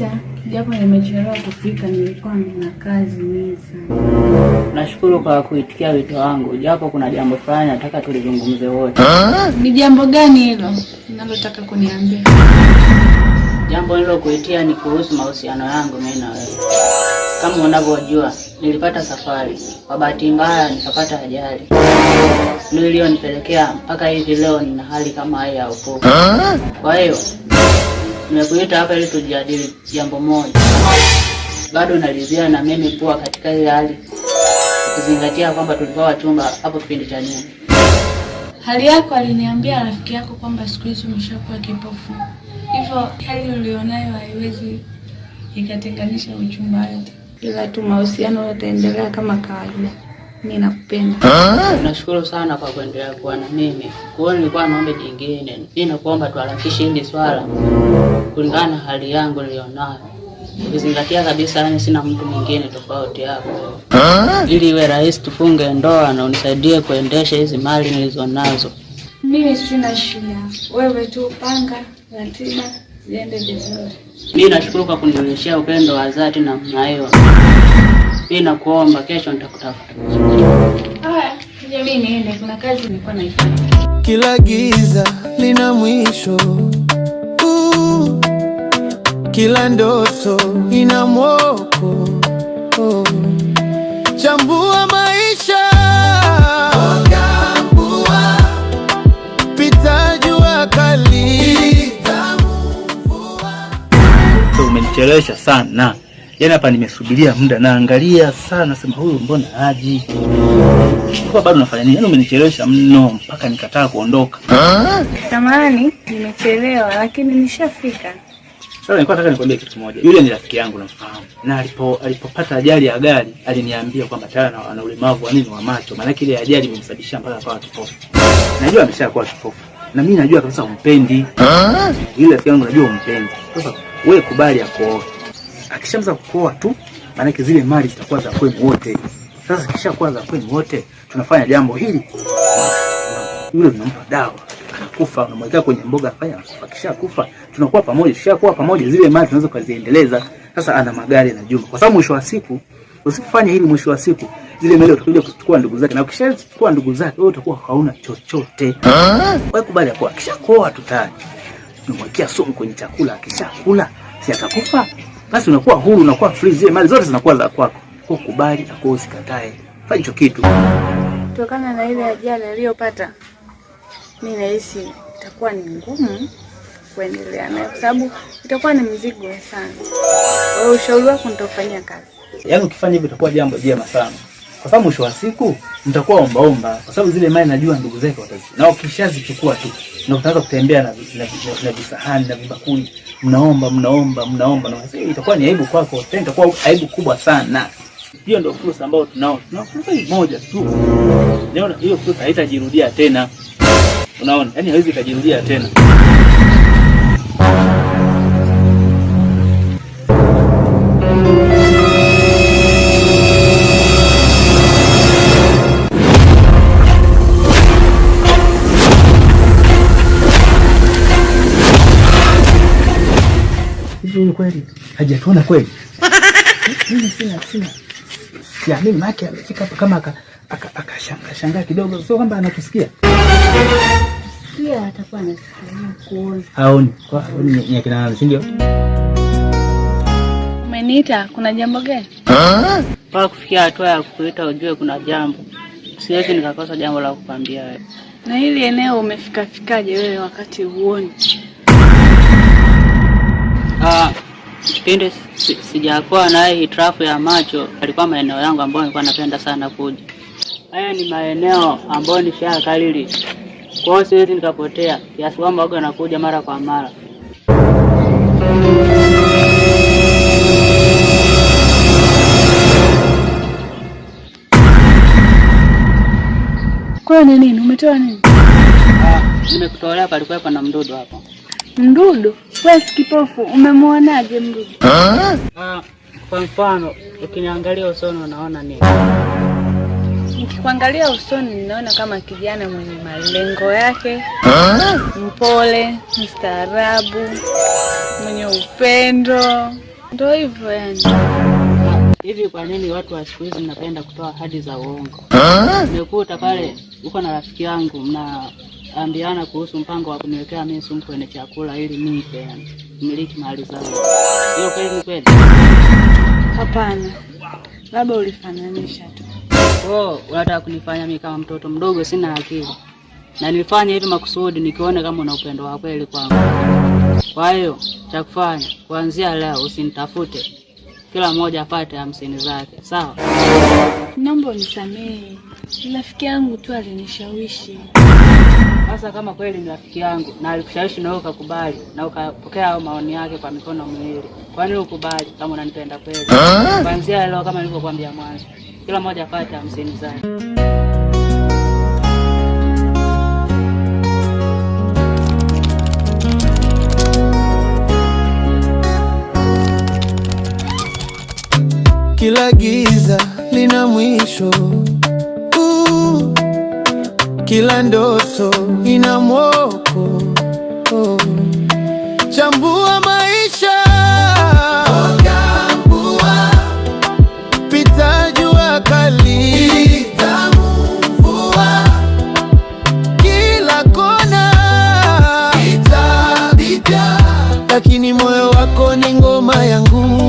sita, japo nimechelewa kufika, nilikuwa nina kazi nyingi sana. Nashukuru kwa kuitikia wito wangu, japo kuna jambo fulani nataka tulizungumze wote. Ni jambo gani hilo ninalotaka kuniambia? Jambo nilokuitia ni kuhusu mahusiano yangu mimi na wewe. Kama unavyojua, nilipata safari, kwa bahati mbaya nikapata ajali ndio iliyonipelekea mpaka hivi leo nina hali kama hii ya upofu. Kwa hiyo Nimekuita hapa ili tujadili jambo moja. Bado nalizia na mimi kuwa katika ile hali, kuzingatia kwamba tulikuwa wachumba hapo kipindi cha nyuma. Hali yako, aliniambia rafiki yako kwamba siku hizi umeshakuwa kipofu, hivyo hali ulionayo haiwezi ikatenganisha uchumba wote, ila tu mahusiano yataendelea kama kawaida. Ninakupenda. Nashukuru sana kwa kuendelea kuwa na mimi. Kwa hiyo nilikuwa naomba jingine, nakuomba tuharakishe hili swala kulingana na hali yangu nilionayo, ukizingatia kabisa, yani sina mtu mwingine tofauti yako, ili iwe rahisi tufunge ndoa na unisaidie kuendesha hizi mali nilizonazo. Mimi sina shida, wewe tu panga ratiba ziende vizuri. Mimi nashukuru kwa kunirudishia upendo wa dhati namna hiyo. Mimi nakuomba kesho nitakutafuta. Kila giza lina mwisho. kila ndoto ina mwoko. Chambua maisha. Chambua. Umenichelewesha sana. Yaani hapa nimesubiria muda naangalia sana, nasema huyu mbona aji Kwa bado nafanya nini? Yaani umenichelewesha mno mpaka nikataa kuondoka. Samahani, nimechelewa lakini nishafika. Sasa nilikuwa nataka nikwambie kitu kimoja. Yule ni rafiki yangu namfahamu. Na alipo alipopata ajali ya gari, aliniambia kwamba tayari ana ulemavu wa nini wa macho. Maana ile ajali ilimsababisha mpaka akawa kipofu. Najua ameshakuwa kipofu. Na mimi najua kabisa umpendi. Yule rafiki yangu najua umpendi. Sasa wewe kubali akoe akishaanza kukoa tu, maanake zile mali zitakuwa za kwenu wote. Sasa kisha zikishakuwa za kwenu wote, tunafanya jambo hili, yule unampa dawa anakufa, unamwekea kwenye mboga afanya, akisha kufa, tunakuwa pamoja, tukishakuwa pamoja, zile mali tunaweza kuziendeleza. Sasa ana magari na jumba, kwa sababu mwisho wa siku usifanye hili, mwisho wa siku zile mali utakuja kuchukua ndugu zake, na ukishachukua ndugu zake wewe utakuwa hauna chochote. Wewe kubali kwa kishakoa, tutaji unamwekea sumu kwenye chakula, akishakula si atakufa basi unakuwa huru, unakuwa free, zile mali zote zinakuwa za kwako. Kwa kubali na usikatae, fanya hicho kitu. Kutokana na ile ajali aliyopata, mimi nahisi itakuwa ni ngumu kuendelea naye, kwa sababu itakuwa ni mzigo sana. Ushauri wako nitafanyia kazi. Yaani ukifanya hivyo itakuwa jambo jema sana kwa sababu mwisho wa siku mtakuwa omba, kwa sababu zile mali najua ndugu zake watazi na ukishazichukua tu na utaanza kutembea na na na, visahani na vibakuli, mnaomba mnaomba mnaomba, na itakuwa ni aibu kwako, tena itakuwa aibu kubwa sana. Hiyo ndio fursa ambayo tunao, tunao fursa moja tu. Unaona, hiyo fursa haitajirudia tena. Unaona, yani haiwezi kujirudia tena. huyu kweli hajatuona kweli? Mimi sina sina ya mimi maki amefika hapa kama akashangaa shangaa kidogo, sio kwamba anatusikia atakuwa haoni aoni, si ndio? Umeniita, kuna jambo gani? Mpaka kufikia hatua ya kukuita ujue kuna jambo, siwezi nikakosa jambo la kukwambia wewe. Na hili eneo fikaje wewe wakati huoni Ah, kipindi sijakuwa si naye hitilafu ya macho, alikuwa maeneo yangu ambayo nilikuwa napenda sana kuja. Haya ni maeneo ambayo nishakalili, kwa hiyo siwezi nikapotea, kiasi kwamba waga nakuja mara kwa mara. Kwa nini umetoa nini? Ah, nimekutolea palikuwa na mdudu hapo. Mdudu wewe kipofu, umemwonaje mdudu? Ah, kwa mfano ukiniangalia usoni unaona nini? Nikikuangalia usoni ninaona kama kijana mwenye malengo yake, mpole, mstaarabu, mwenye upendo, ndo hivyo yani. Hivi kwa nini watu wa siku hizi mnapenda kutoa ahadi za uongo? Nimekuta pale uko na rafiki yangu mna ambiana kuhusu mpango wa kuniwekea mimi sumu kwenye chakula ili nipe, yani miliki mali zangu. Hiyo kweli ni kweli? Hapana, labda ulifananisha tu. Oh, unataka kunifanya mimi kama mtoto mdogo sina akili? Na nilifanya hivi makusudi nikione kama una upendo wa kweli kwangu. Kwa hiyo cha kufanya kuanzia leo usinitafute, kila mmoja apate hamsini zake, sawa? Naomba unisamehe, rafiki yangu tu alinishawishi. Sasa kama kweli ni rafiki yangu na alikushawishi na wewe ukakubali na ukapokea hayo maoni yake kwa mikono miwili, kwa nini ukubali kama unanipenda kweli? Kuanzia leo kama nilivyokuambia mwanzo, kila mmoja apate hamsini zake. Kila giza lina mwisho kila ndoto ina mwoko oh. Chambua maisha Pita jua Kila kona lakini moyo wako ni ngoma yangu